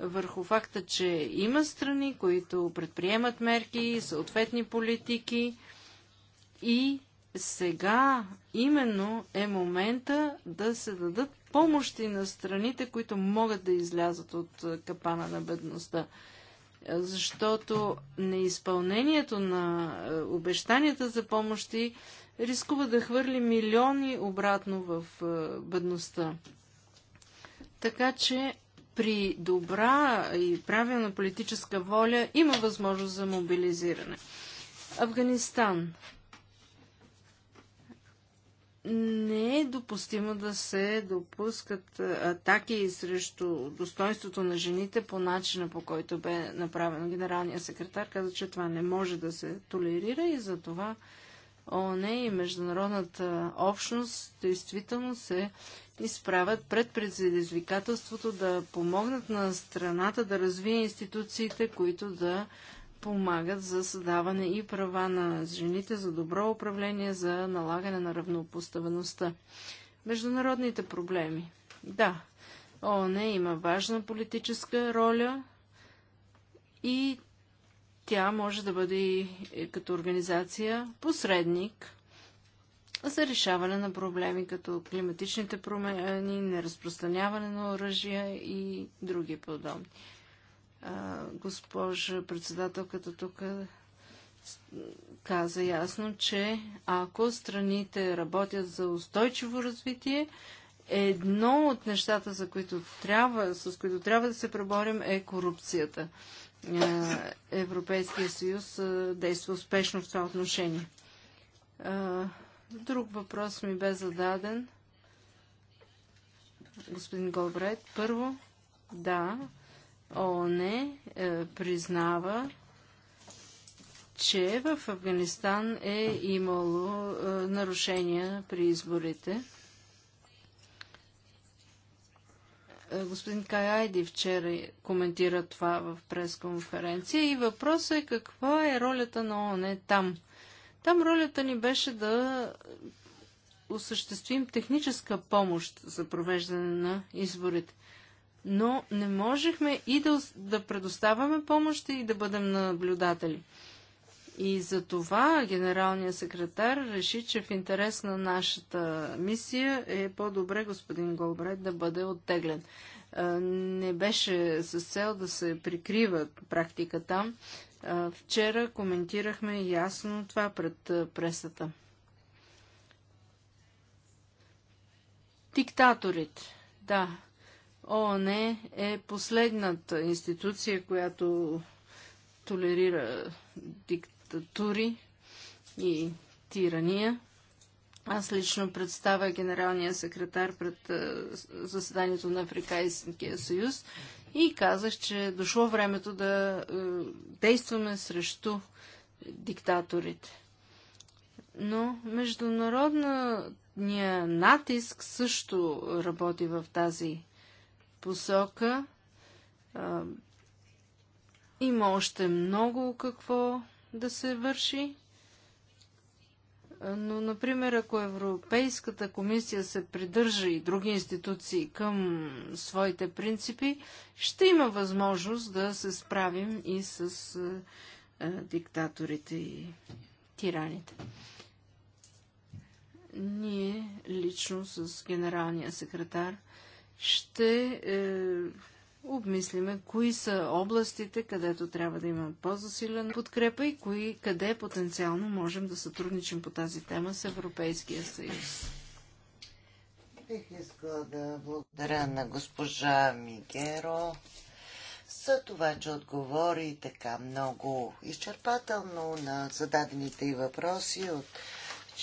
върху факта, че има страни, които предприемат мерки, съответни политики и сега именно е момента да се дадат помощи на страните, които могат да излязат от е, капана на бедността. Е, защото неизпълнението на е, обещанията за помощи рискува да хвърли милиони обратно в бедността. Така че при добра и правилна политическа воля има възможност за мобилизиране. Афганистан не е допустимо да се допускат атаки срещу достоинството на жените по начина по който бе направено. Генералният секретар каза, че това не може да се толерира и за това ОНЕ и международната общност действително се изправят пред предизвикателството да помогнат на страната да развие институциите, които да помагат за създаване и права на жените, за добро управление, за налагане на равнопоставеността. Международните проблеми. Да, ООН има важна политическа роля и тя може да бъде и е, като организация посредник за решаване на проблеми като климатичните промени, неразпространяване на оръжия и други подобни госпожа председателката тук каза ясно, че ако страните работят за устойчиво развитие, едно от нещата, за които трябва, с които трябва да се преборим, е корупцията. Европейския съюз действа успешно в това отношение. Друг въпрос ми бе зададен. Господин Голбрайт, първо, да, ООН е, е, признава, че в Афганистан е имало е, нарушения при изборите. Е, господин Кайайди вчера коментира това в пресконференция и въпросът е каква е ролята на ООН там. Там ролята ни беше да осъществим техническа помощ за провеждане на изборите но не можехме и да, да предоставяме помощ и да бъдем наблюдатели. И за това генералният секретар реши, че в интерес на нашата мисия е по-добре господин Голбред да бъде оттеглен. Е, не беше с цел да се прикрива практика там. Е, вчера коментирахме ясно това пред е, пресата. Диктаторите. Да, ООН е последната институция, която толерира диктатури и тирания. Аз лично представя генералния секретар пред заседанието на Африканския съюз и казах, че е дошло времето да действаме срещу диктаторите. Но международният натиск също работи в тази посока. А, има още много какво да се върши. Но, например, ако Европейската комисия се придържа и други институции към своите принципи, ще има възможност да се справим и с а, диктаторите и тираните. Ние лично с генералния секретар ще е, обмислиме кои са областите, където трябва да има по-засилена подкрепа и кои, къде потенциално можем да сътрудничим по тази тема с Европейския съюз. Бих искала да благодаря на госпожа Мигеро за това, че отговори така много изчерпателно на зададените и въпроси от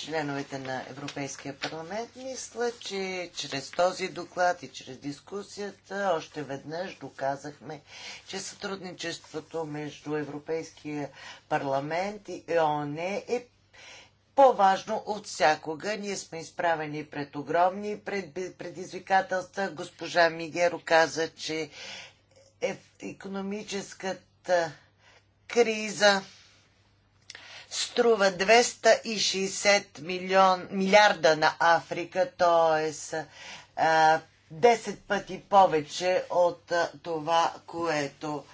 членовете на Европейския парламент. Мисля, че чрез този доклад и чрез дискусията още веднъж доказахме, че сътрудничеството между Европейския парламент и ООН е по-важно от всякога. Ние сме изправени пред огромни предизвикателства. Госпожа Мигеро каза, че е економическата криза струва 260 милион, милиарда на Африка, т.е. 10 пъти повече от това, което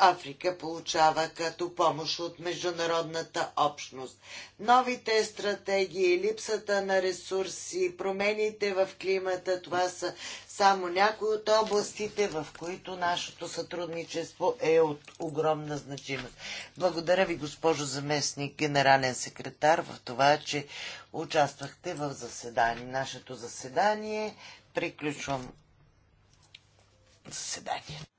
Африка получава като помощ от международната общност. Новите стратегии, липсата на ресурси, промените в климата, това са само някои от областите, в които нашето сътрудничество е от огромна значимост. Благодаря ви, госпожо заместник, генерален секретар, в това, че участвахте в заседание. Нашето заседание. Приключвам заседанието.